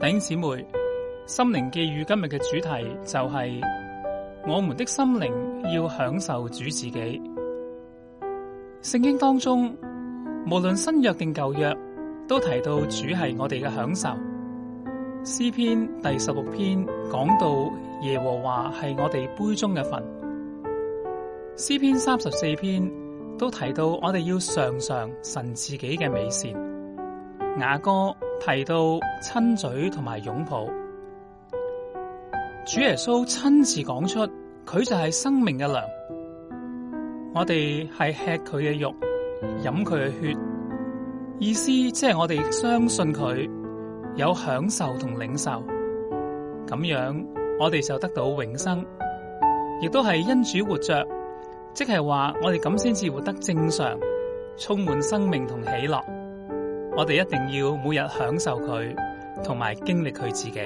弟兄姊妹，心靈寄語今日嘅主題就係、是，我們的心靈要享受主自己。聖經當中，無論新約定舊約，都提到主係我哋嘅享受。詩篇第十六篇講到耶和華係我哋杯中嘅份。詩篇三十四篇都提到我哋要嘗嘗神自己嘅美善。雅歌，提到親嘴同埋擁抱，主耶穌親自講出佢就係生命嘅糧，我哋係吃佢嘅肉，飲佢嘅血，意思即係我哋相信佢有享受同領受，咁樣我哋就得到永生，亦都係因主活着，即係話我哋咁先至活得正常，充滿生命同喜樂。我哋一定要每日享受佢，同埋經歷佢自己。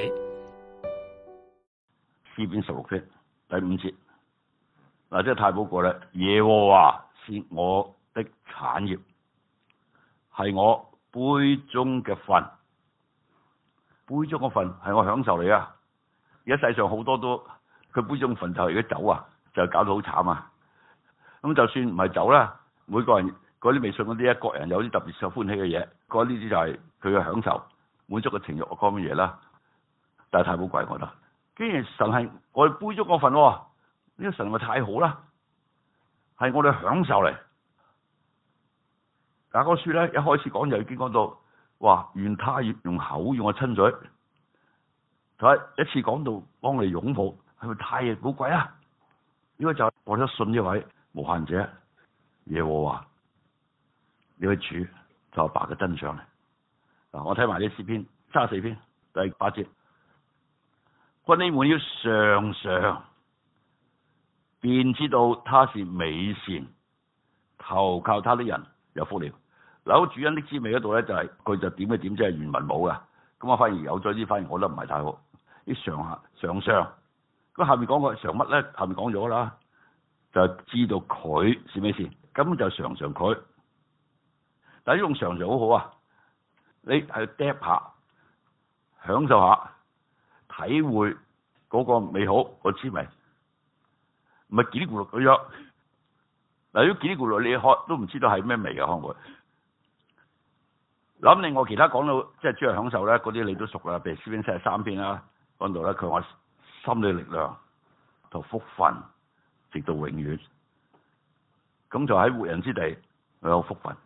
詩篇十六篇第五節，嗱真係太寶貴啦！耶和華是我的產業，係我杯中嘅份，杯中嘅份係我享受嚟啊！而家世上好多都佢杯中的份就係啲酒啊，就是、搞到好慘啊！咁就算唔係酒啦，每個人。嗰啲微信嗰啲一國人有啲特別受歡喜嘅嘢，嗰啲就係佢嘅享受，滿足嘅情欲，講乜嘢啦？但係太寶貴，我得既然神係我哋杯足嗰份，呢、這個神咪太好啦，係我哋享受嚟。阿哥書咧一開始講就已經講到，話願他願用口用我親嘴，睇一次講到幫你擁抱，係咪太嘢寶貴啊？呢個就是我哋信呢位無限者耶和華。也說要去煮就阿爸嘅真相啦。嗱、啊，我睇埋呢詩篇三四篇第八節，君你們要嘗嘗，便知道他是美善，投靠他的人有福了。扭主恩啲滋味嗰度咧，就係佢就點一點，即係原文冇噶。咁我反而有咗啲，反而我覺得唔係太好啲嘗下嘗嘗。咁下面講個嘗乜咧？下面講咗啦？就知道佢是美善，根本就嘗嘗佢。但一嘗試就好好啊！你去釣下，享受下，體會嗰個美好個滋味，唔係嘰哩咕嚕咁樣嗱。如果嘰哩咕嚕你，都唔知道係咩味嘅。可能會諗另外其他，講到即係主要享受咧，嗰啲你都熟啦，譬如詩篇七十三篇啦嗰度咧，佢話心裡力量同福分直到永遠，咁就喺活人之地，佢有福分。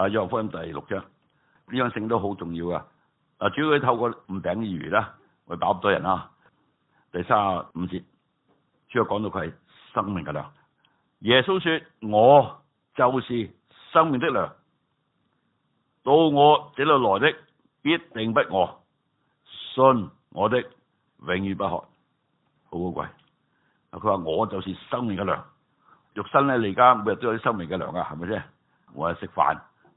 啊，約翰福音第六章呢樣性都好重要噶。嗱，主要佢透過五餅二魚啦，餵飽咗人啦，第三十五節主要講到佢係生命嘅糧。耶穌說：我就是生命的糧，到我這裏來的必定不餓，信我的永遠不渴。好寶貴。佢話我就是生命嘅糧，肉身咧，你而家每日都有啲生命嘅糧啊，係咪先？我係食飯。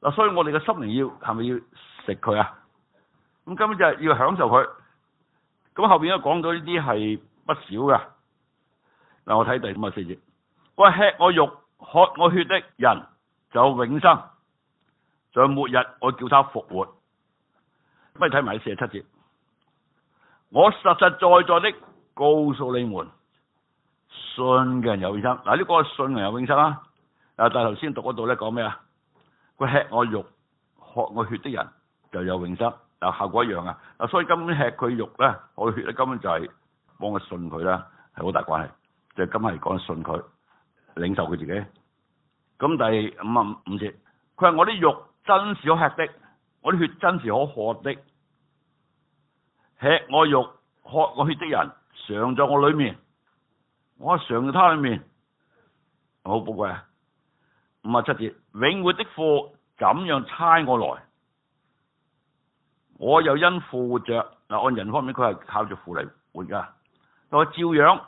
嗱，所以我哋嘅心靈要係咪要食佢啊？咁根本就係要享受佢。咁後邊又講到呢啲係不少㗎。嗱，我睇第五十四節，喂，吃我肉、喝我血的人就永生，在末日我叫他復活。咁你睇埋四十七節，我實實在在的告訴你們，信嘅人有永生。嗱，呢個信人有永生啊！啊，但係頭先讀嗰度咧講咩啊？佢吃我肉、喝我血的人就有永生，嗱，效果一樣啊！嗱，所以根本吃佢肉咧、我血咧，根本就係幫佢信佢啦，係好大關係。就係今日講信佢，領受佢自己。咁第五啊五節，佢話我啲肉真是可吃的，我啲血真是可喝的。吃我肉、喝我血的人，常在我裏面，我常在他裏面，好寶貴啊！五啊七節。永活的父怎樣差我來，我又因父活着，嗱，按人方面佢係靠住父嚟活噶。佢話照樣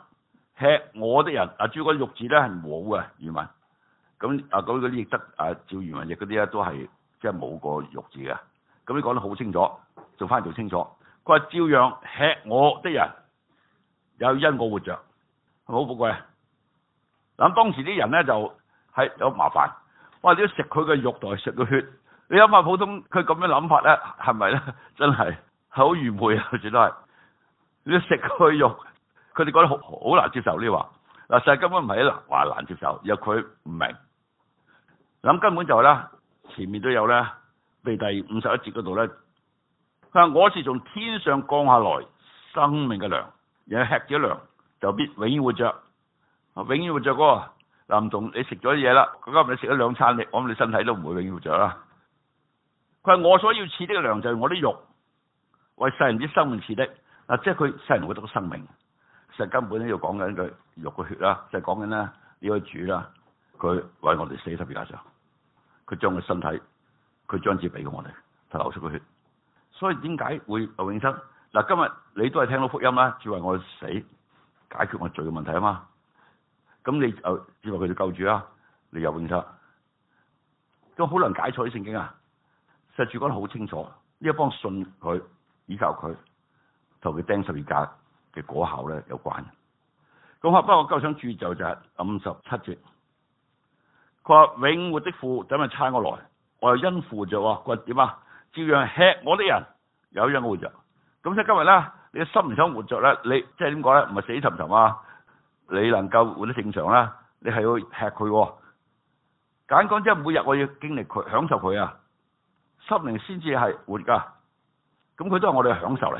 吃我的人，阿朱肉玉字咧係冇嘅原文。咁阿嗰啲亦得，阿趙元文亦嗰啲啊，都係即係冇個玉字嘅。咁你講得好清楚，做翻做清楚。佢話照樣吃我的人，又因我活着。好寶貴啊！嗱，當時啲人咧就係有麻煩。我哋都食佢嘅肉同埋食佢血，你諗下普通佢咁嘅諗法咧，係咪咧？真係係好愚昧啊！始終係，你食佢肉，佢哋覺得好好難接受呢話。嗱，實際根本唔係難，話難接受，因為佢唔明。諗根本就係咧，前面都有咧，被第五十一節嗰度咧，佢話我是從天上降下來生命嘅糧，人吃咗糧就必永遠活着，永遠活着個。林總，你食咗嘢啦，佢今日你食咗兩餐，你我諗你身體都唔會永活着啦。佢話我所要賜嘅糧，就係我啲肉，為世人之生命賜的，刺的即係佢世人會得到生命，其實根本咧要講緊佢肉個血啦，就講緊咧呢個主啦，佢為我哋死得比加上，佢將個身體，佢將之俾咗我哋，就流出個血，所以點解會永生？嗱，今日你都係聽到福音啦，主為我死解決我罪嘅問題啊嘛。咁你就以為佢就救住啦？你有永生。咁好難解錯啲聖經啊！實主講得好清楚，呢一幫信佢、依靠佢同佢釘十字架嘅果效咧有關。咁不過我夠想注意就就係五十七節，佢話永活的父等佢差我來，我又因父活著，佢話點啊？照樣吃我啲人有因活着。咁所以今日咧，你心唔想活着咧，你即係點講咧？唔係死沉沉啊！你能夠活得正常啦，你係要吃佢喎。簡單講，即係每日我要經歷佢，享受佢啊，心靈先至係活噶。咁佢都係我哋嘅享受嚟。